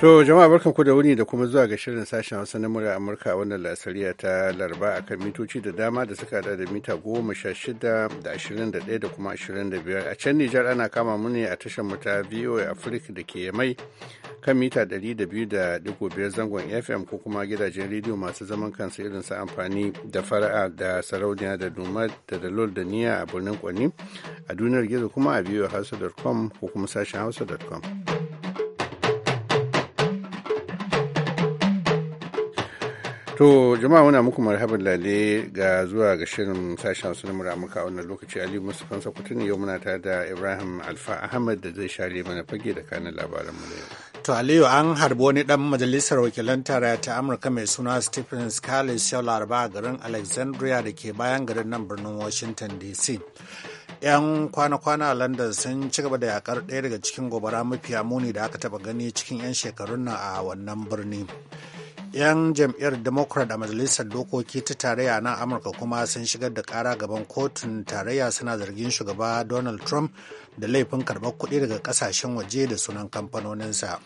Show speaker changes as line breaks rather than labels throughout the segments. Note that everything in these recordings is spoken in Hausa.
To jama'a barkan ku da wuni da kuma zuwa ga shirin sashen Hausa na murya Amurka wannan lasariya ta Laraba kan mitoci da dama da suka hada da mita goma sha shida da ashirin da ɗaya da kuma ashirin da biyar. A can Nijar ana kama mu ne a tashar mu ta VOA Africa da ke mai kan mita ɗari da biyu da ɗigo biyar zangon FM ko kuma gidajen rediyo masu zaman kansu irin su amfani da fara'a da sarauniya da duma da dalol da niya a birnin Kwani a duniyar gizo kuma a Hausa.com ko kuma sashen hausa.com. To jama'a muna muku marhaban lale ga zuwa ga shirin sashen su na wannan lokaci Ali Mustapha kutu ne yau muna tare da Ibrahim Alfa Ahmad da zai share mana fage da kanin labaran
mu To Aliyu an harbi wani dan majalisar wakilan tarayya ta Amurka mai suna Stephen scarlett yau Laraba a garin Alexandria da ke bayan garin nan birnin Washington DC. 'yan kwana-kwana a london sun ci gaba da yakar ɗaya daga cikin gobara mafiya muni da aka taba gani cikin 'yan shekarun nan a wannan birni 'yan jam'iyyar democrat a majalisar dokoki ta tarayya na amurka kuma sun shigar da kara gaban kotun tarayya suna zargin shugaba donald trump da laifin karbar kuɗi daga kasashen waje da sunan kamfanoninsa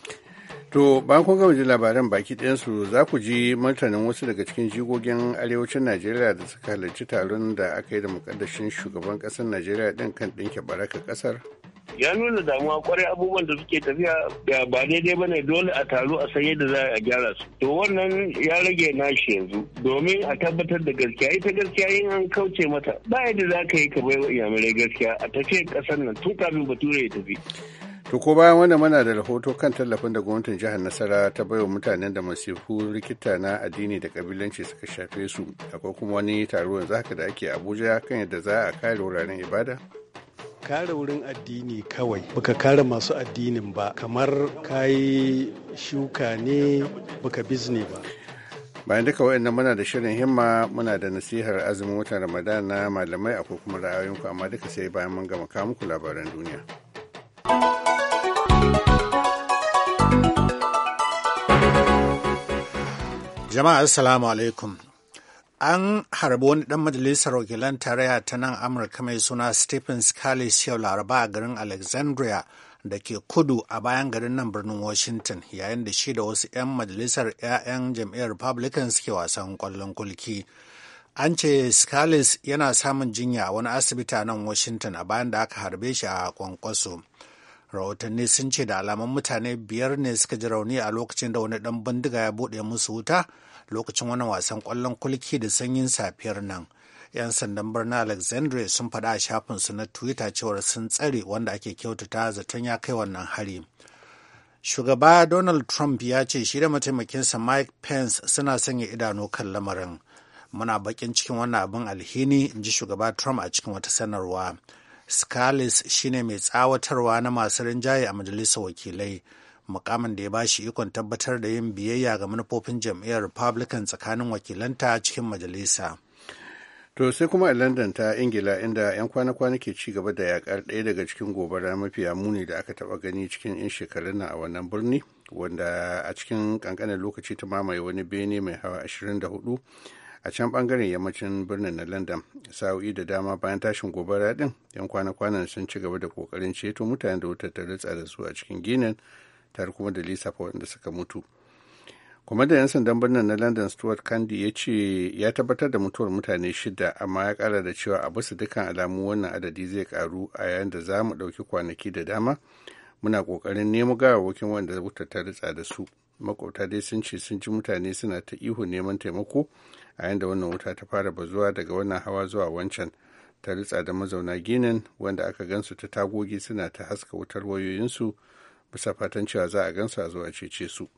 To bayan kun gama ji labaran baki ɗayansu za ku ji martanin wasu daga cikin jigogin arewacin Najeriya da suka halarci taron da aka yi da mukaddashin shugaban ƙasar Najeriya din kan ɗinke baraka ƙasar
ya nuna damuwa kwarai abubuwan da suke tafiya da ba daidai bane dole a taru a san da za a gyara su to wannan ya rage nashi yanzu domin a tabbatar da gaskiya ita gaskiya yin an kauce mata ba yadda za ka yi ka bai wa iyamirai gaskiya a tafiya kasar nan tun kafin bature ya tafi to ko bayan wannan mana da
rahoto kan tallafin da gwamnatin jihar nasara ta baiwa mutanen da masifu rikita na addini da kabilanci suka shafe su akwai kuma wani taro yanzu haka da ake abuja kan yadda za a kare wuraren ibada
kare wurin addini kawai baka kare masu addinin ba kamar
kayi shuka ne baka bizne ba bayan duka waɗannan muna da shirin himma muna da nasihar azumin watan ramadan na malamai akwai kuma ra'ayoyinku amma duka sai bayan mun gama kawo muku labaran duniya
jama'a assalamu alaikum An harbi wani ɗan majalisar wakilan tarayya ta nan Amurka mai suna Stephen Scalise yau Laraba a garin Alexandria da ke kudu a bayan garin nan birnin Washington yayin da shi da wasu 'yan majalisar 'ya'yan jam'iyyar Republican suke wasan kwallon kulki. An ce Scalise yana samun jinya a wani asibiti a nan Washington a bayan da aka harbe shi a kwankwaso. rahotanni sun ce da alaman mutane biyar ne suka ji rauni a lokacin da wani dan bindiga ya bude musu wuta lokacin wani wasan kwallon kulki da sanyin safiyar nan 'yan sandan birnin alexandria sun faɗa a shafin su na twitter cewar sun tsare wanda ake kyautata zaton ya kai wannan hari shugaba donald trump ya ce shi da mataimakinsa mike pence suna sanya idanu kan lamarin muna bakin cikin wannan abin alhini in ji shugaba trump a cikin wata sanarwa Scales shine mai tsawatarwa na masu rinjaye a majalisar wakilai, mukamin da ya ba shi ikon tabbatar da yin biyayya ga manufofin jam'iyyar Republican tsakanin wakilanta cikin majalisa. To sai kuma a London ta Ingila inda 'yan
kwana-kwana ke ci gaba da yakar ɗaya daga cikin gobara mafiya muni da aka taba gani cikin 'yan shekarun a wannan birni wanda a cikin kankanin lokaci ta mamaye wani bene mai hawa 24 a can bangaren yammacin birnin na london sa'o'i da dama bayan tashin gobara din yan kwana-kwanan sun ci gaba da kokarin ceto mutane da wutar ta ritsa da su a cikin ginin tare kuma da lissafa waɗanda suka mutu kuma da 'yan sandan birnin na london stuart candy ya ce ya tabbatar da mutuwar mutane shida amma ya kara da cewa a bisa dukkan alamu wannan adadi zai karu a yayin da za mu ɗauki kwanaki da dama muna ƙoƙarin nemo gawawwakin wanda wutar ta ritsa da su makwabta dai sun ce sun ji mutane suna ta ihu neman taimako a yadda wannan wuta ta fara bazuwa daga wannan hawa zuwa wancan ta ritsa da mazauna ginin wanda aka gansu ta tagogi suna ta haska wutar wayoyinsu bisa fatan cewa za a gansu a zuwa cece su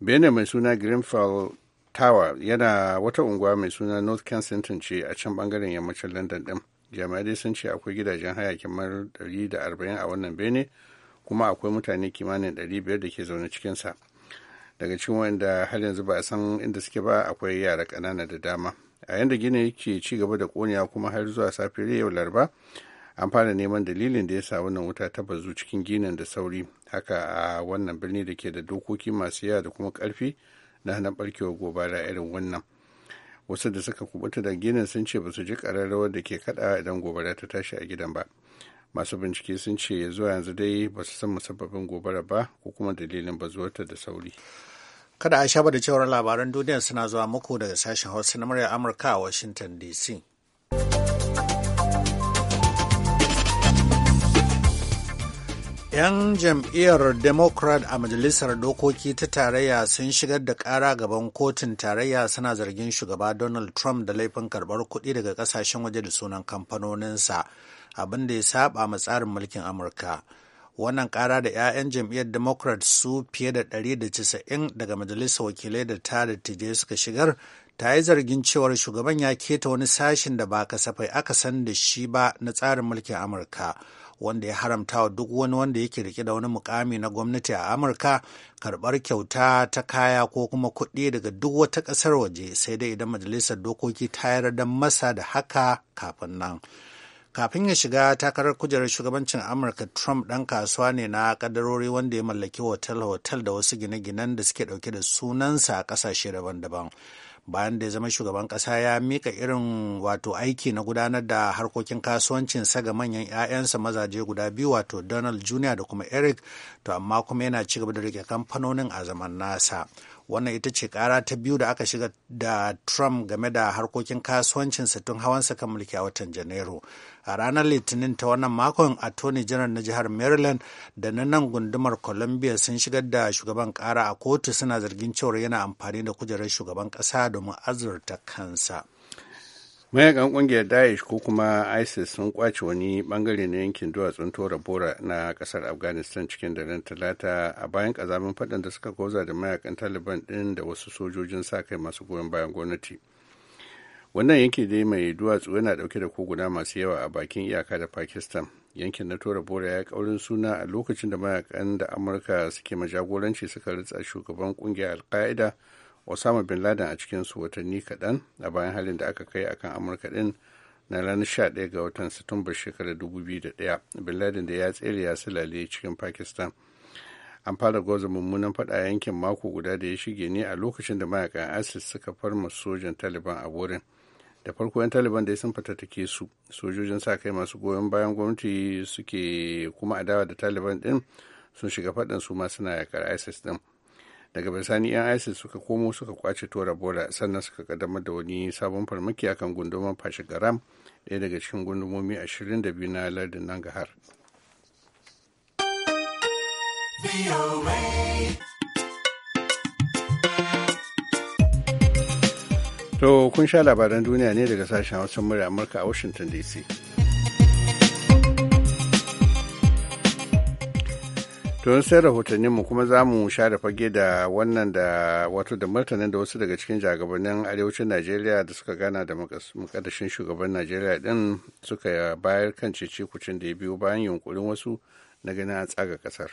bene mai suna greenfell tower yana wata unguwa mai suna north kensington ce a can bangaren yammacin london din jami'ai dai sun ce akwai gidajen haya kimar 140 a wannan bene kuma akwai mutane kimanin 500 da ke zaune cikinsa daga cikin wanda har yanzu ba a san inda suke ba akwai yara ƙanana da dama a yanda gini yake ci gaba da ƙoniya kuma har zuwa safiyar yau laraba an fara neman dalilin da ya sa wannan wuta ta bazu cikin ginin da sauri haka a wannan birni da ke da dokoki masu yawa da kuma karfi na hana barkewar gobara irin wannan wasu da suka kubuta da ginin sun ce ba su ji ƙararrawar da ke kaɗa idan gobara ta tashi a gidan ba masu bincike sun ce zuwa yanzu dai ba su san musabbabin gobara ba
ko kuma dalilin bazuwarta da sauri kada a shaba da cewar labaran duniya suna zuwa muku daga sashen hausa na murya amurka a washington dc yan jam'iyyar democrat a majalisar dokoki ta tarayya sun shigar da kara gaban kotun tarayya suna zargin shugaba donald trump da laifin karbar kuɗi daga kasashen waje da sunan kamfanoninsa abin da ya saba ma tsarin mulkin amurka wannan kara da 'ya'yan jam'iyyar democrat su fiye da 190 daga majalisar wakilai da ta dattijai suka shigar ta yi zargin cewar shugaban ya keta wani sashen da ba kasafai aka san da shi ba na tsarin mulkin amurka wanda ya haramta wa duk wani wanda yake rike da wani mukami na gwamnati a amurka karbar kyauta ta kaya ko kuma kuɗi daga duk wata ƙasar waje sai dai idan majalisar dokoki ta yarda masa da haka kafin nan kafin ya shiga takarar kujerar shugabancin amurka trump dan kasuwa ne na kadarori wanda ya mallaki otal-otal da wasu gine-ginen da suke dauke da sunansa a kasashe daban-daban bayan da ya zama shugaban kasa ya mika irin wato aiki na gudanar da harkokin kasuwancin ga manyan 'ya'yansa mazaje guda biyu wato donald jr da kuma eric to amma kuma yana ci gaba da rike kamfanonin a zaman nasa wannan ita ce kara ta biyu da aka shiga da trump game da harkokin kasuwancinsa tun hawansa kan mulki a watan janairu a ranar litinin ta wannan makon attorney general na jihar maryland da na nan gundumar columbia sun shigar da shugaban kara a kotu suna zargin cewar yana amfani da kujerar shugaban kasa domin azurta kansa
mayakan kungiyar daesh ko kuma isis sun kwace wani bangare na yankin duwatsun tora bora na kasar afghanistan cikin daren talata a bayan kazamin faɗan da suka koza da mayakan taliban ɗin da wasu sojojin sa kai masu goyon bayan gwamnati wannan yanki dai mai duwatsu yana dauke da koguna masu yawa a bakin iyaka da pakistan yankin na tora bora ya kaurin suna a lokacin da mayakan da amurka suke majagoranci suka ritsa shugaban kungiyar alka'ida osama bin laden a cikin su watanni kaɗan a bayan halin da aka kai akan amurka din na ranar 11 ga watan satumbar shekarar 2001 bin laden da ya tsere ya silale cikin pakistan an fara gwaza mummunan faɗa yankin mako guda da ya shige ne a lokacin da mayakan isis suka farma sojan taliban a wurin da farko 'yan taliban dai sun fatattake su sojojin sa kai masu goyon bayan gwamnati suke kuma adawa da taliban din sun shiga faɗin su masu suna yakar isis din daga bisani 'yan isis suka komo suka kwace tora bola sannan suka kaddamar da wani sabon farmaki akan gundumar garam ɗaya daga cikin gundumomi biyu na lardin nangahar. To kun sha labaran duniya ne daga sashen Hausa murya Amurka a Washington DC. don sai rahotanninmu kuma za mu share fage da wannan da wato da martanin da wasu daga cikin jagabannin arewacin najeriya da suka gana da makadashin shugaban najeriya din suka bayar
kan cece kucin da ya biyo bayan yunkurin wasu na ganin an tsaga kasar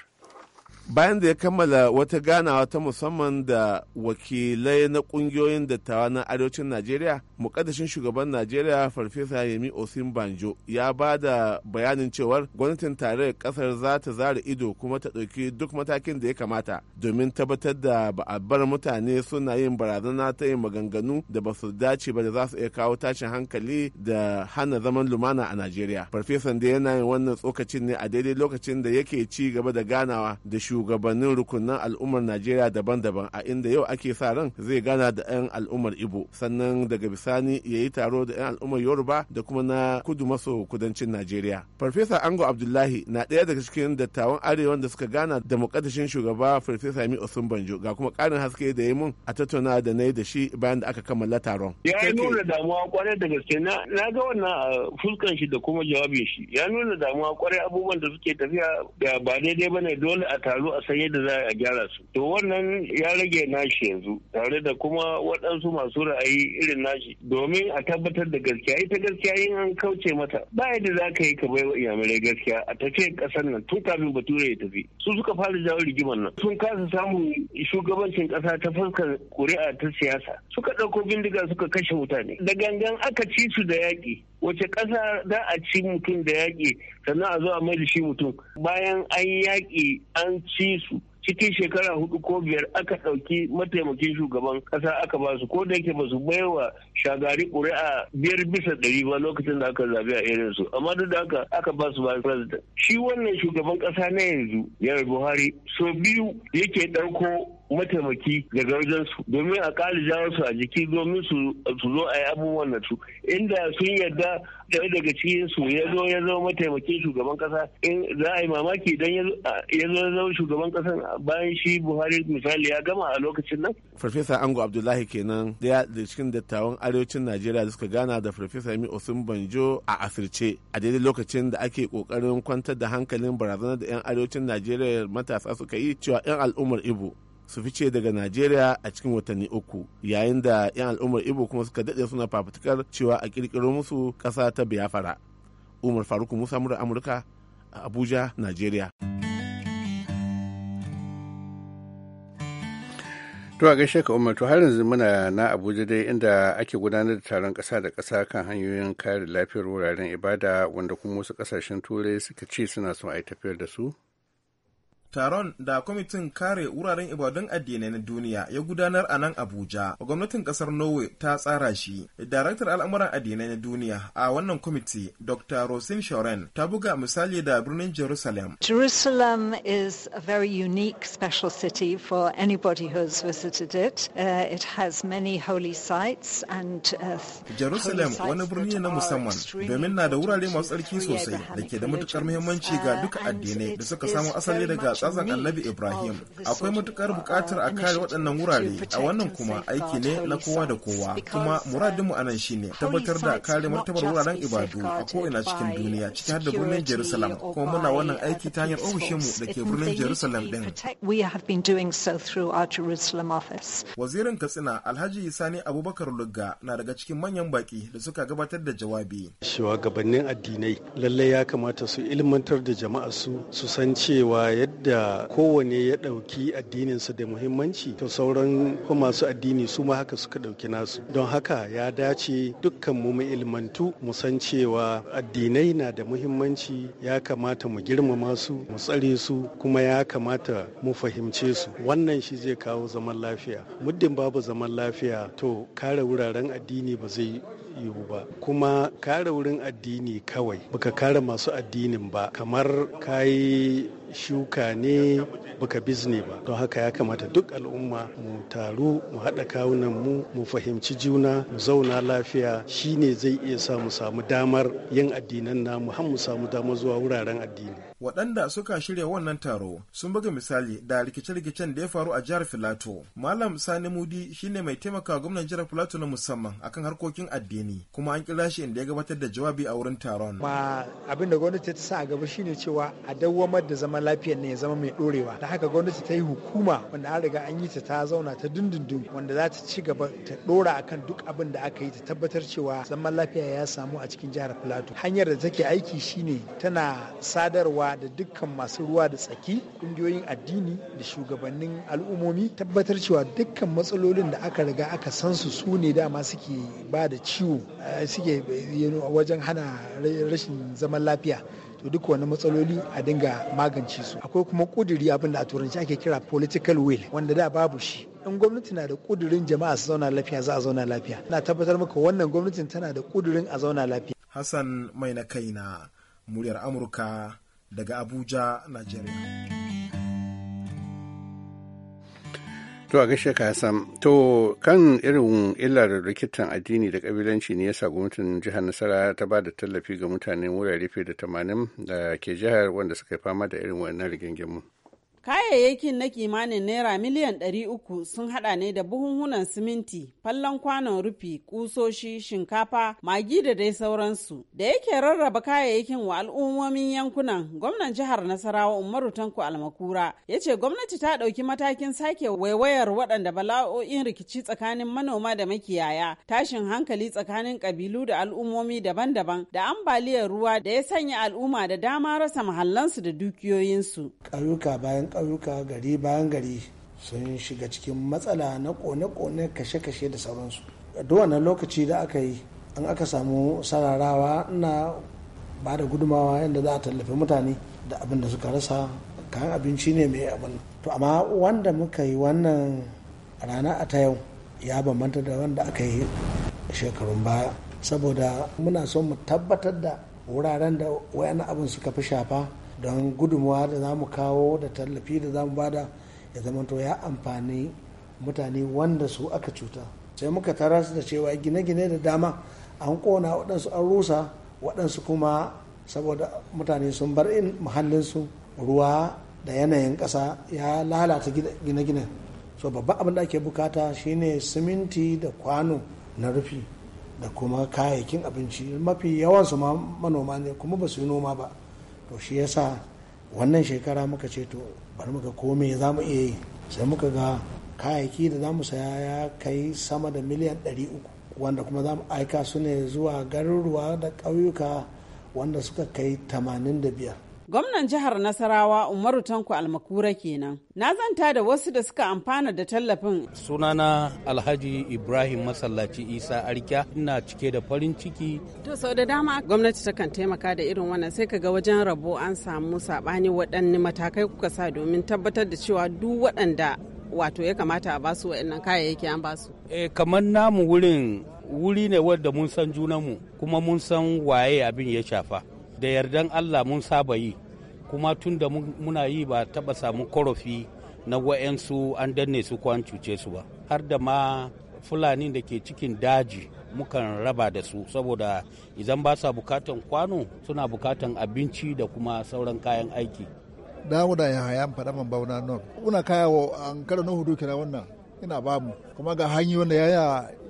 bayan da ya kammala wata ganawa ta musamman da wakilai na kungiyoyin dattawa na arewacin najeriya mukaddashin shugaban najeriya farfesa yemi osin banjo ya ba da bayanin cewar gwamnatin tarayyar kasar za ta zara ido kuma ta ɗauki duk matakin da ya kamata domin tabbatar da ba a bar mutane suna yin barazana ta yin maganganu da ba su dace ba da za su iya kawo tashin hankali da hana zaman lumana a najeriya farfesan da yana yin wannan tsokacin ne a daidai lokacin da yake ci gaba da ganawa da shugabannin rukunan al'ummar najeriya daban-daban a inda yau ake sa ran zai gana da 'yan al'ummar ibo sannan daga bisani ya yi taro da 'yan al'ummar yoruba da kuma na kudu maso kudancin najeriya farfesa ango abdullahi na ɗaya daga cikin dattawan arewa da suka gana da mukaddashin shugaba farfesa mi osun banjo ga kuma ƙarin haske da ya mun a tattauna da na yi da shi bayan da aka kammala taron. ya
nuna damuwa kwarai da gaske na ga wannan ah, fuskan shi da kuma jawabin shi ya nuna damuwa kwarai abubuwan da suke tafiya ba daidai bane dole a taro. zo a sanye da za a gyara su to wannan ya rage nashi yanzu tare da kuma waɗansu masu ra'ayi irin nashi domin a tabbatar da gaskiya ita gaskiya yin an kauce mata ba yadda za ka yi ka bai wa iyamirai gaskiya a tafiyar ƙasar nan tun kafin bature ya tafi su suka fara jawo rigimar nan sun kasa samun shugabancin ƙasa ta fuskar ƙuri'a ta siyasa suka ɗauko bindiga suka kashe mutane da gangan aka ci su da yaƙi wace ƙasa za a ci mutum da yaƙi sannan a zo a mai da shi mutum bayan an yaƙi an ci su cikin shekara hudu ko biyar aka ɗauki mataimakin shugaban ƙasa aka ba su ko da yake ba su baiwa shagari ƙuri'a biyar bisa ɗari ba lokacin da aka zabi a irin su amma duk da haka aka ba su ba president shi wannan shugaban ƙasa na yanzu yar buhari sau biyu yake ɗauko mataimaki daga wajen su domin a ƙara jawo su a jiki domin su zo a yi abubuwan na su inda sun yarda ɗaya daga cikin su ya zo ya zama mataimakin shugaban kasa in za a yi mamaki idan ya zo ya zama shugaban kasa bayan shi Buhari misali ya gama a lokacin nan.
Farfesa Ango Abdullahi kenan daya da cikin dattawan arewacin Najeriya da suka gana da Farfesa mi Osun Banjo a asirce a daidai lokacin da ake kokarin kwantar da hankalin barazanar da 'yan arewacin Najeriya matasa suka yi cewa 'yan al'ummar Ibo su fice daga najeriya a cikin watanni uku yayin da 'yan al'ummar ibo kuma suka daɗe suna fafutukar cewa a ƙirƙiro musu ƙasa ta Biyafara umar faruk musa mura amurka a abuja najeriya To a gaishe ka umar to har yanzu muna na Abuja dai
inda ake gudanar da taron ƙasa da ƙasa kan hanyoyin kare lafiyar wuraren ibada wanda kuma wasu ƙasashen turai suka ce suna son a yi tafiyar da su
taron da kwamitin kare wuraren ibadun addinai na duniya ya gudanar a nan abuja gwamnatin kasar norway ta tsara shi daraktar al'amuran addinai na duniya a wannan kwamiti dr rosin shoren ta buga misali da birnin jerusalem jerusalem is very unique special city for anybody uh, it has many holy and uh, jerusalem wani birni na musamman domin na da wurare masu tsarki sosai da ke da matukar muhimmanci ga duka uh, addinai da suka samu asali daga tsatsan annabi ibrahim akwai matukar bukatar a kare waɗannan wurare a wannan kuma aiki ne na kowa da kowa kuma muradinmu anan shine tabbatar da kare martabar wuraren ibadu a ko'ina cikin duniya ciki har da birnin jerusalem kuma muna wannan aiki ta hanyar ofishinmu da ke birnin jerusalem din wazirin katsina alhaji sani abubakar lugga na daga cikin manyan baki da suka gabatar da jawabi shugabannin addinai
lallai ya kamata su ilmantar da jama'a su su san cewa yadda da kowane ya ɗauki addininsa da muhimmanci to sauran masu addini su ma haka suka ɗauki nasu don haka ya dace dukkan mu mu ilmantu mu san cewa addinai na da muhimmanci ya kamata mu girmama su mu tsare su kuma ya kamata mu fahimce su wannan shi zai kawo zaman lafiya muddin babu zaman lafiya to kare wuraren addini ba zai ba kuma kare wurin addini kawai baka kare masu addinin ba kamar kayi shuka ne baka bizne ba don haka ya kamata duk al'umma mu taru mu haɗa kawunan mu mu fahimci juna mu zauna lafiya shine zai iya sa mu samu damar yin addinan namu har mu
samu damar zuwa wuraren addini waɗanda suka shirya wannan taro sun buga misali da rikice-rikicen da ya faru a jihar filato malam sani mudi shine mai taimaka gwamnan jihar filato na musamman akan harkokin addini kuma an kira shi inda ya gabatar da jawabi a wurin taron ma abin da gwamnati ta sa a gaba shine cewa a dawwamar da zaman lafiyar ne ya zama mai ɗorewa da haka gwamnati ta
yi hukuma wanda an riga an yi ta ta zauna ta dundundun wanda za ta ci gaba ta ɗora akan duk abin da aka yi ta tabbatar cewa zaman lafiya ya samu a cikin jihar filato hanyar da take aiki shine tana sadarwa da dukkan masu ruwa da tsaki kungiyoyin addini da shugabannin al'ummomi tabbatar cewa dukkan matsalolin da aka riga aka san su su ne dama suke ba da ciwo eh, suke eh, wajen hana rashin zaman lafiya to duk wani matsaloli a dinga magance su akwai kuma kuduri abin da a turanci ake kira political will wanda da babu shi in gwamnati na da kudurin jama'a su zauna lafiya za a zauna lafiya
na tabbatar maka wannan gwamnatin tana da kudurin a zauna lafiya hassan mai na kaina muryar amurka daga Abuja, Najeriya.
To a gaishe ka sam to kan irin illar rikitan addini da kabilanci ne yasa gwamnatin jihar Nasara ta ba da tallafi ga mutanen wurare fiye da tamanin da ke jihar wanda suka fama da irin wannan rigingimu.
Kayayyakin na kimanin naira miliyan ɗari uku sun hada ne da buhunhunan siminti, fallon kwanon rufi, kusoshi, shinkafa, magi da dai sauransu. Da yake rarraba kayayyakin wa al'ummomin yankunan, gwamnan jihar Nasarawa Umaru Tanko Almakura ya ce gwamnati ta ɗauki matakin sake waiwayar waɗanda bala'o'in rikici tsakanin manoma da makiyaya, tashin hankali tsakanin ƙabilu da al'ummomi daban-daban da ambaliyar ruwa da ya sanya al'umma da dama rasa muhallansu da
dukiyoyinsu. Ƙauyuka ƙauyuka gari bayan gari sun shiga cikin matsala na kone-kone kashe-kashe da sauransu duk wannan lokaci da aka yi an aka samu sararawa ina ba da gudumawa yadda za a tallafi mutane da abin da suka rasa kayan abinci ne mai abin to amma wanda muka yi wannan rana a ta yau ya bambanta da wanda aka yi shekarun baya saboda muna son mu tabbatar da wuraren da wayan abin suka fi shafa don gudunmawa da za mu kawo da tallafi da za mu bada ya zamanto ya amfani mutane wanda su aka cuta sai muka tara su da cewa gine-gine da dama an kona waɗansu an rusa waɗansu kuma saboda mutane sun bar in muhallinsu ruwa da yanayin ƙasa ya lalata gine gine so babban abin da ake bukata shine siminti da kwano na rufi da kuma kayayyakin abinci mafi yawansu ma manoma ne kuma ba su yi noma ba to shi yasa wannan shekara muka ce to bari muka kome za mu iya yi sai muka ga kayayyaki da za mu saya ya kai sama da miliyan 300 wanda kuma za mu aika su ne zuwa garuruwa da ƙauyuka wanda suka kai 85
Gwamnan jihar Nasarawa Umaru Tanko Almakura kenan. Na zanta da wasu da suka amfana da tallafin.
Sunana Alhaji Ibrahim Masallaci Isa Arkiya ina cike da farin ciki.
To sau da dama gwamnati takan taimaka da irin wannan sai ka ga wajen rabo an samu sabani waɗanne matakai kuka sa domin tabbatar da cewa duk waɗanda wato ya kamata a basu waɗannan kayayyaki an basu.
Eh kamar namu wurin wuri ne wadda mun san junanmu kuma mun san waye abin ya shafa da yardan allah mun saba yi kuma tun da muna yi ba taba samu korofi na wa'yansu an danne su ko an cuce su ba har da ma fulani da ke cikin daji mukan raba da su saboda idan ba sa bukatan kwano suna bukatan abinci da kuma sauran kayan aiki dawo da yahaya hayan man bauna nan kuna kaya wa an karo na hudu kira wannan ina ba mu kuma ga hanyoyin ya yi a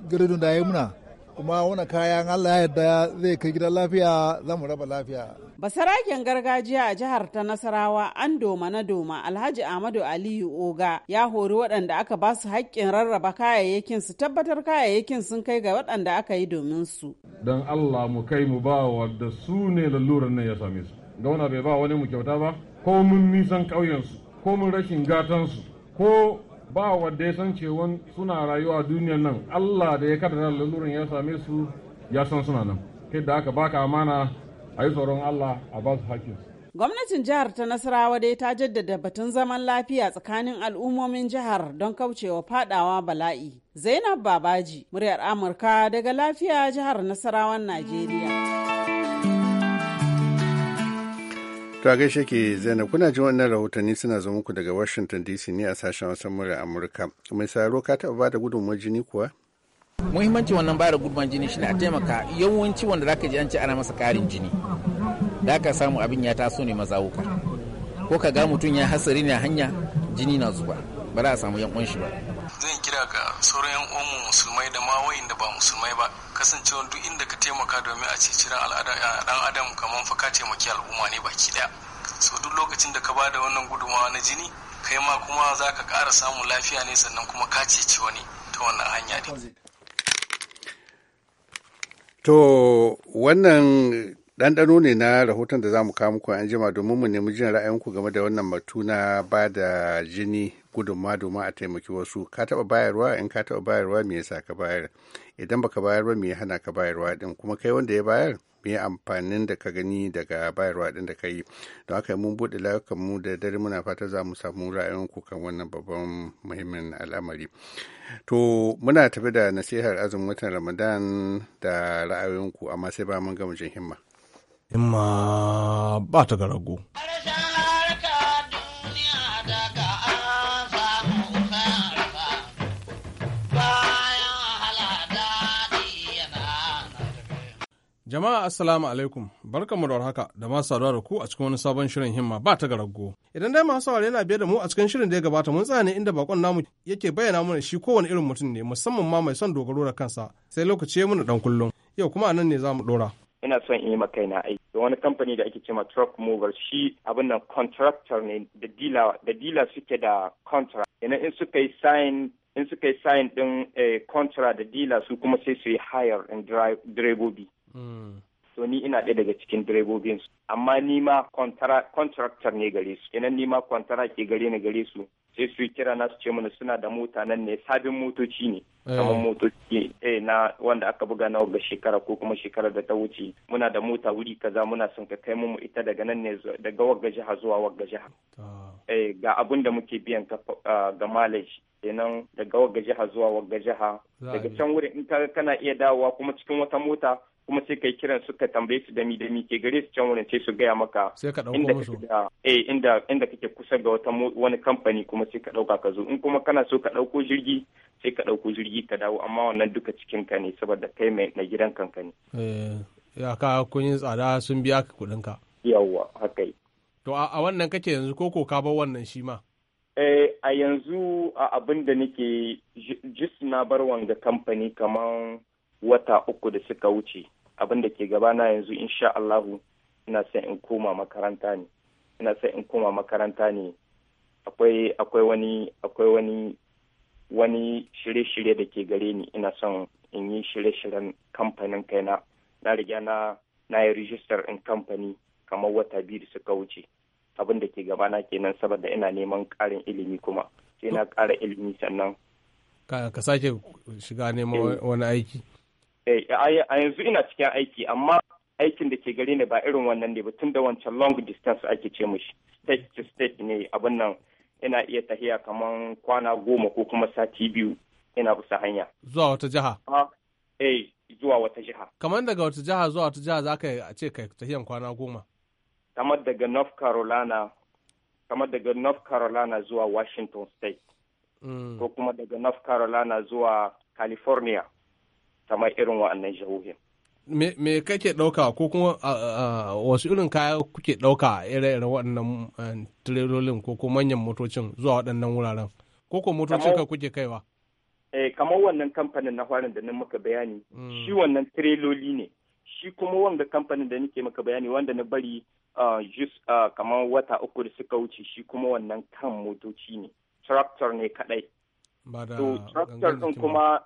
girdun da ya yi muna kuma wani kayan Allah yadda zai kai gidan lafiya za mu raba lafiya.
Basaraken gargajiya a jihar ta Nasarawa an doma na doma Alhaji Ahmadu Aliyu Oga ya hori waɗanda aka ba su haƙƙin rarraba kayayyakin su tabbatar kayayyakin sun kai ga waɗanda aka yi domin su.
Don Allah mu kai mu ba wadda su ne lalluran nan ya same su. Gauna bai ba wani mu kyauta ba ko mun nisan ƙauyensu ko mun rashin gatansu ko ba wanda ya san cewa suna rayuwa duniyar nan Allah da ya kaddara lalurin ya same su ya san suna nan kai da aka baka amana a yi tsoron Allah
a ba su hakkin
Gwamnatin jihar ta Nasarawa dai ta jaddada batun zaman lafiya tsakanin al'ummomin jihar don kaucewa fadawa bala'i. Zainab Babaji, muryar Amurka daga lafiya jihar Nasarawan Najeriya.
To a gaishe ke zainab kuna jin wannan rahotanni suna zama muku daga Washington DC ne a sashen wasan murar Amurka. Mai saro ka taɓa bada gudunmawar jini kuwa? muhimmanci
wannan bada gudunmawar jini shine a taimaka yawanci wanda za ka ji an ce ana masa ƙarin jini. Da
ka samu abin ya taso ne mazawuka. Ko ka ga mutum ya hasari ne a hanya jini na zuba. Ba za a samu yan shi ba. zan kira ga sauran yan musulmai da ma da ba
musulmai ba kasancewa duk inda ka taimaka domin a ceci ran dan adam kamar fa ka taimaki al'umma ne baki daya so duk lokacin da ka ba da wannan gudunmawa na jini kai ma kuma za ka ƙara samun lafiya ne sannan kuma ka ceci wani ta wannan hanya ne.
To wannan ɗanɗano ne na rahoton da za mu kawo muku an jima domin mu nemi jin ra'ayinku game da wannan batu na ba da jini gudunma domin a taimaki wasu ka taba bayarwa in ka taba bayarwa me yasa ka bayar idan baka bayar ba me ya hana ka bayarwa din kuma kai wanda ya bayar me amfanin da ka gani daga bayarwa din da ka don haka mun buɗe layukan mu da dare muna fata za mu samu ra'ayin ku kan wannan babban muhimmin al'amari to muna tafi da nasihar azumin watan ramadan da ra'ayoyinku, amma sai ba mun gama jin himma
himma ba ta ga rago Jama'a Assalamu alaikum, mu da warhaka da masu saduwa da ku a cikin wani sabon shirin himma ba ta garaggo. Idan dai masu saurare yana biye da mu a cikin shirin da ya gabata mun tsaya ne inda bakon namu yake bayyana mana shi kowane irin mutum ne musamman ma mai son dogaro da kansa sai lokaci ya muna dan kullum. Yau kuma anan ne za mu dora.
Ina son in yi ma kaina aiki. Wani kamfani da ake cema truck mover shi abin nan contractor ne da dealer da dealer suke da contract. ina in suka yi sign in suka yi sign din eh, contract da dila su kuma sai su yi hayar and direbobi. to ni ina ɗaya daga cikin direbobin su amma ni ma contractor ne gare su kenan ni ma kwantara ke gare ni gare su sai su kira na su ce mana suna da mota nan ne sabin motoci ne eh. kamar motoci eh na wanda aka buga na ga shekara ko kuma shekara da ta wuce muna da mota wuri kaza muna son ka kai mu ita daga nan ne daga wagga jiha zuwa wagga jiha eh ga abun da muke biyan ka ah, ga mileage kenan daga wagga jiha zuwa wagga jiha daga can wurin in ka kana iya dawowa kuma cikin wata mota kuma sai kai kiran suka tambaye su dami dami ke gare su can wurin sai su gaya maka inda kake eh inda inda kake kusa ga wata wani kamfani kuma sai ka dauka ka zo in kuma kana so ka dauko jirgi sai ka dauko jirgi ka dawo amma wannan duka cikin ka ne saboda kai mai na gidan kanka ne
eh ya ka kun yi tsada sun biya ka kudin ka
yawwa haka to
a wannan kake yanzu ko ka bar wannan shi ma
Eh, a yanzu a abin da nake just na bar wanga kamfani kaman wata uku da suka wuce abin da ke gabana yanzu insha Allahu ina son in koma makaranta ne ina son in koma makaranta ne akwai akwai wani akwai wani wani shirye-shirye da ke gare ni ina son in yi shirye-shiryen kamfanin kaina na riga na na yi rijistar in kamfani kamar wata biyu da suka wuce abin da ke gabana kenan saboda ina neman ƙarin ilimi kuma sai na ƙara ilimi sannan
ka sake shiga neman eh. wani aiki
Eh, a yanzu ina cikin aiki amma aikin da ke gare ni ba irin wannan ne tun da wancan long distance ake ce mushi state to state ne abin nan ina iya tahiya kamar kwana goma ko kuma sati biyu ina busa hanya.
Zuwa wata jiha?
Eh, zuwa wata jiha.
Kamar daga wata jiha zuwa wata jiha za ka ce ka tahiyan kwana goma?
Kamar daga North Carolina, kamar daga North Carolina zuwa Washington State. Mm. Ko kuma daga North Carolina zuwa California. kamar irin wa'annan jihohin.
Me kake ɗauka ko kuma wasu irin kaya kuke ɗauka ire-iren waɗannan eh, tirelolin ko kuma manyan motocin zuwa waɗannan wuraren? Ko ko motocin ka kuke kaiwa?
Eh, kamar wannan kamfanin na farin da nan muka bayani, mm. shi wannan tireloli ne. Shi kuma wanda kamfanin da nake muka bayani wanda na bari just kamar wata uku da suka wuce shi kuma wannan kan motoci ne. Tractor ne kaɗai.
to tractor ɗin kuma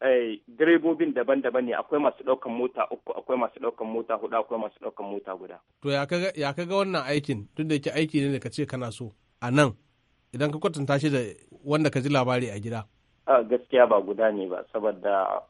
eh, direbobin daban-daban ne akwai masu ɗaukan mota uku akwai masu ɗaukan mota hudu akwai masu ɗaukan mota guda
to ya ka ga wannan aikin duk da yake aiki ne da ka ce kana so a nan idan ka kwatanta shi da wanda ka ji labari a gida
gaskiya ba guda ne ba saboda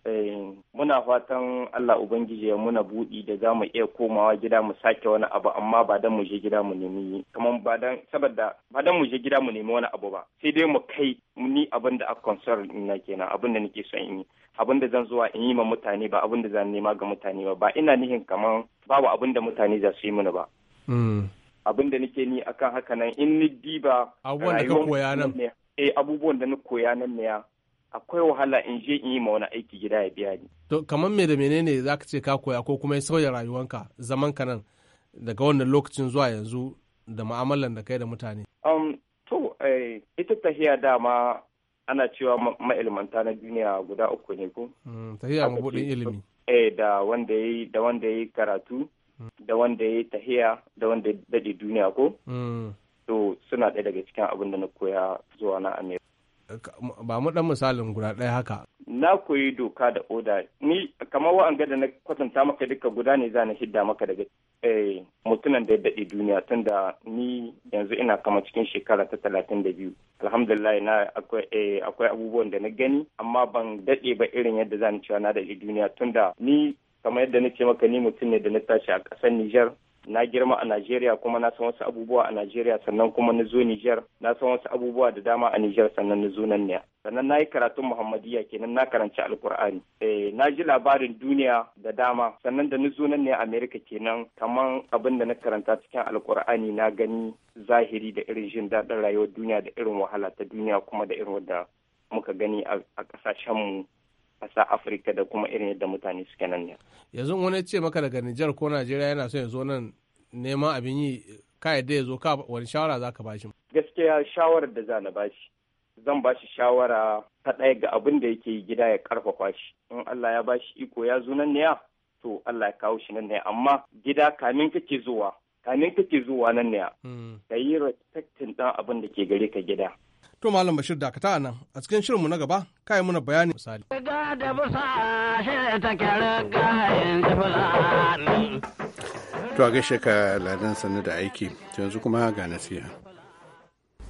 Eh, muna fatan Allah Ubangiji ya muna buɗi da za mu iya komawa gida mu sake wani abu amma ba dan mu je gida mu nemi kaman ba dan saboda ba dan mu je gida mu nemi wani abu ba sai dai mu kai ni abin da a concern ina kenan abin da nake son in yi abin da zan zuwa in yi ma mutane ba abin da zan nema ga mutane ba ba ina nihin kaman babu abin da mutane za su yi mana ba hmm. abin da nake ni akan haka nan in ni diba
abubuwan da ka koya nan
eh abubuwan da na koya nan ne ya akwai wahala in je in yi ma wani aiki gida ya biya ni.
To kamar me da menene za ka ce ka koya ko kuma ya sauya rayuwanka zaman ka nan daga wannan lokacin zuwa yanzu da ma'amalan da kai da mutane?
Um, to eh, ita tahiya dama ana cewa ma'ilmanta na duniya guda uku ne ko?
Mm, tahiya mabuɗin ilimi.
Eh, da wanda ya da wanda ya karatu mm. da wanda ya yi tahiya da wanda ya daɗe duniya ko? Mm. To suna ɗaya daga cikin abin da na koya zuwa na Amerika.
ba mu dan misalin guda ɗaya haka.
Na koyi doka da oda ni kamar wa'anga da na kwatanta maka duka guda ne za na hidda maka daga eh, mutunan da ya daɗe duniya tun da ni yanzu ina kama cikin shekara ta talatin da biyu. Alhamdulillah na eh, akwai abubuwan da na gani amma ban daɗe ba irin yadda za ni cewa na daɗe duniya tun da ni kamar yadda na ce maka ni mutum ne da na tashi a ƙasar Nijar na girma a Najeriya kuma na san wasu abubuwa a Najeriya sannan kuma na zo Nijar na san wasu abubuwa da dama a Nijar sannan na zo nan ne sannan na yi karatun Muhammadiyya kenan na karanci Alkur'ani eh na ji labarin duniya da dama sannan da na zo nan ne Amerika kenan kaman abin da na karanta cikin Alkur'ani na gani zahiri da irin jin daɗin rayuwar duniya da irin wahala ta duniya kuma da irin wadda muka gani a ƙasashenmu ƙasa afirka da kuma irin yadda mutane suke nan ne
yanzu wani ce maka daga nijar ko najeriya yana son ya zo nan neman abin yi ka yadda ya zo ka wani shawara za ka bashi
gaskiya shawarar da za na bashi zan bashi shawara ta ɗaya ga abin da yake yi gida ya karfafa shi in Allah ya bashi iko ya zo nan ne ya to Allah ya kawo shi nan ne amma gida kamin kake zuwa kamin kake zuwa nan ne hmm. ka yi respectin ɗan abin da ke gare ka gida
To Malam Bashir dakata nan a cikin shirinmu na gaba kayan muna bayani misali.
da
To a gaishe ka ladan sannu da aiki yanzu kuma ga nasiha.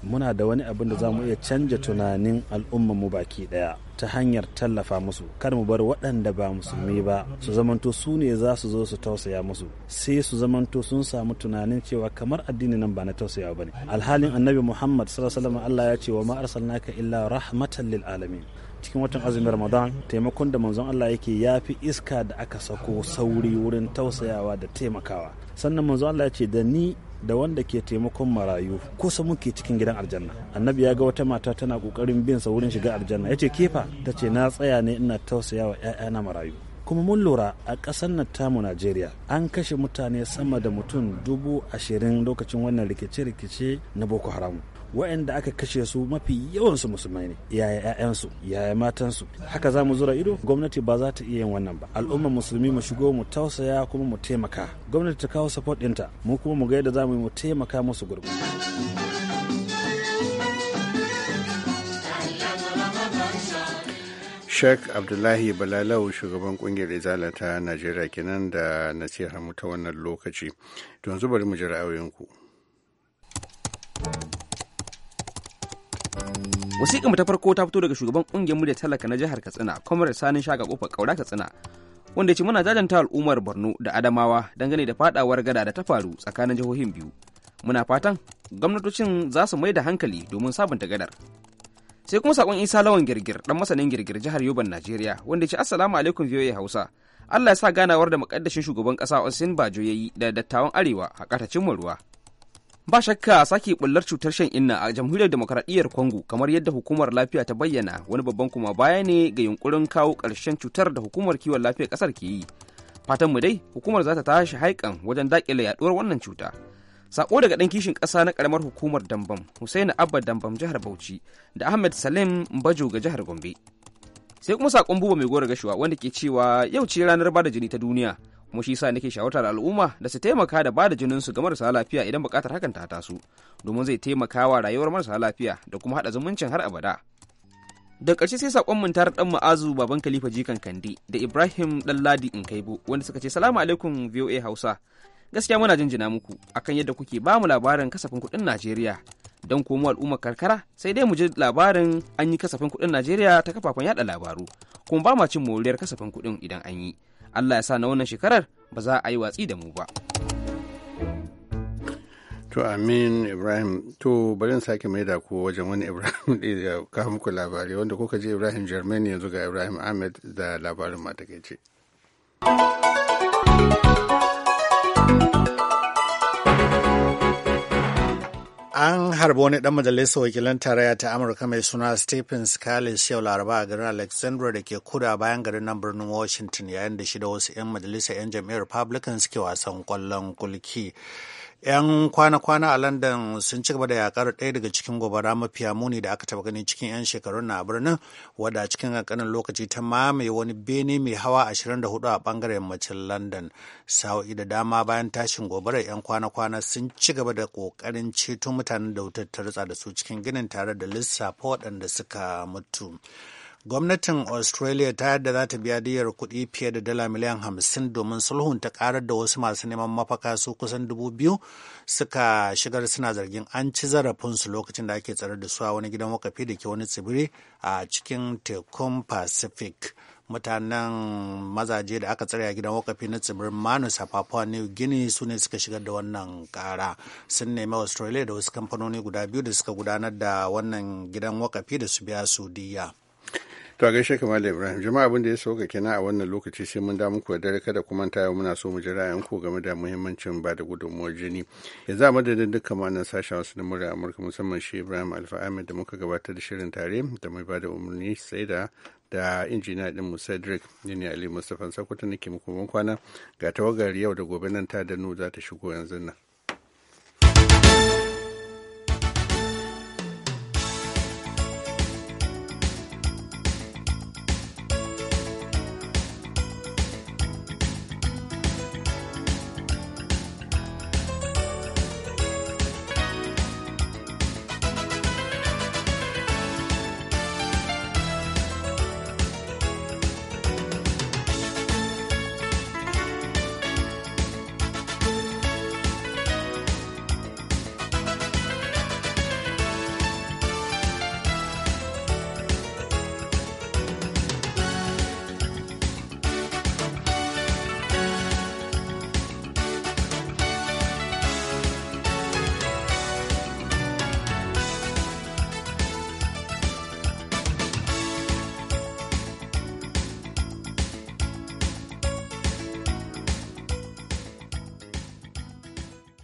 muna da wani abin da za mu iya canja tunanin mu baki daya ta hanyar tallafa musu kar mu bar waɗanda ba musulmi ba su zamanto su ne za su zo su tausaya musu sai su zamanto sun samu tunanin cewa kamar addini nan ba na tausaya ba ne alhalin annabi muhammad sallallahu allah ya ce wa ma arsalnaka illa rahmatan lil alamin cikin watan azumin ramadan taimakon da manzon allah yake ya fi iska da aka sako sauri wurin tausayawa da taimakawa sannan manzon allah ya ce da ni da wanda ke taimakon marayu kusa muke cikin gidan aljanna annabi ya ga wata mata tana kokarin bin sa wurin shiga aljanna yace kefa tace na tsaya ne ina tausaya wa ƴaƴana marayu kuma mun lura a ƙasar nan tamu najeriya an kashe mutane sama da mutum dubu ashirin lokacin wannan rikice-rikice na boko haram waɗanda aka kashe su mafi yawansu musulmai ne yaya 'ya'yansu yaya matansu haka za mu zura ido gwamnati ba za ta iya yin wannan ba al'ummar musulmi mu shigo mu tausaya kuma mu taimaka gwamnati ta kawo support ɗinta mu kuma mu ga yadda za mu mu taimaka musu gurgu. Sheikh Abdullahi Balalau
shugaban kungiyar Izala ta Najeriya kenan da nasihar mu ta wannan lokaci. Don zubar
mu ji ku. wasiƙa mu ta farko ta fito daga shugaban ƙungiyar murya talaka na jihar katsina comrade sanin shaga kofa kaura katsina wanda ce muna jajanta al'ummar borno da adamawa dangane da fadawar gada da ta faru tsakanin jihohin biyu muna fatan gwamnatocin za su mai da hankali domin sabunta gadar sai kuma sakon isa lawan girgir dan masanin girgir jihar yoban najeriya wanda ce assalamu alaikum viyoyi hausa allah ya sa ganawar da makaddashin shugaban ƙasa osin bajo yayi da dattawan arewa a katacin ruwa ba shakka sake bullar cutar shan inna a jamhuriyar demokradiyyar congo kamar yadda hukumar lafiya ta bayyana wani babban kuma baya ne ga yunkurin kawo ƙarshen cutar da hukumar kiwon lafiyar ƙasar ke yi fatan fatanmu dai hukumar za ta tashi haikan wajen daƙile yaduwar wannan cuta sako daga ɗan kishin ƙasa na ƙaramar hukumar dambam husaini abba dambam jihar bauchi da ahmed salim bajo ga jihar gombe sai kuma sakon buba mai gora gashuwa wanda ke cewa yau ce ranar bada jini ta duniya mu shi sa nake shawartar al'umma da su taimaka da bada jinin su ga marasa lafiya idan bukatar hakan ta taso domin zai taimaka wa rayuwar marasa lafiya da kuma hada zumuncin har abada da ƙarshe sai sakon mun tarar dan ma'azu baban khalifa jikan Kande, da ibrahim ɗanladi in kaibo wanda suka ce salamu alaikum voa hausa gaskiya muna jinjina muku akan yadda kuke ba mu labarin kasafin kuɗin najeriya don komo al'ummar karkara sai dai mu ji labarin an yi kasafin kuɗin najeriya ta kafafen yada labaru kuma ba ma cin moriyar kasafin kuɗin idan an yi Allah ya sa na wannan shekarar ba za a yi watsi da mu ba.
To amin Ibrahim to bari in sake mai da ku wajen wani Ibrahim ɗaya ya kawo muku labari wanda kuka je Ibrahim Germain yanzu ga Ibrahim Ahmed da labarin matakaice. ce.
an harbi wani dan majalisa wakilan tarayya ta amurka mai suna stephen scalise yau laraba a garin alexandra da ke kuda bayan garin nan birnin washington yayin da shi da wasu 'yan majalisa 'yan jam'iyyar republican suke wasan kwallon kulki 'yan kwana-kwana a london sun ci gaba da yakar ɗaya daga cikin gobara mafiya muni da aka taba gani cikin 'yan shekarun na birnin wadda cikin kankanin lokaci ta mamaye wani bene mai hawa 24 a bangaren yammacin london sa'o'i da dama bayan tashin gobarar 'yan kwana-kwana sun ci gaba da kokarin ceto mutanen da wutar ta da su cikin ginin tare da lissafa waɗanda suka mutu Gwamnatin Australia ta yadda za ta biya diyar kuɗi fiye da dala miliyan hamsin domin sulhun ta karar da wasu masu neman mafaka su kusan dubu biyu suka shigar suna zargin an ci zarafinsu lokacin da ake tsare da su a wani gidan wakafi da ke wani tsibiri a cikin tekun Pacific. mutanen mazaje da aka tsare a gidan wakafi na tsibirin manus a papua new guinea su ne suka shigar da wannan kara sun nemi australia da wasu kamfanoni guda biyu da suka gudanar da wannan gidan wakafi da su biya su diya.
to a gaishe kamar ibrahim jama'a abin da ya sauka kenan a wannan lokaci sai mun damu ku dare kada kuma ta yau muna so mu jira yan ku game da muhimmancin ba da gudunmuwar jini yanzu a madadin dukkan wannan sashen wasu da murya amurka musamman shi ibrahim alfa ahmed da muka gabatar da shirin tare da mai ba da umarni sai da da injiniya din mu cedric ne ali mustapha sakwata nake muku kwana ga tawagar yau da gobe nan ta da nu za ta shigo yanzu nan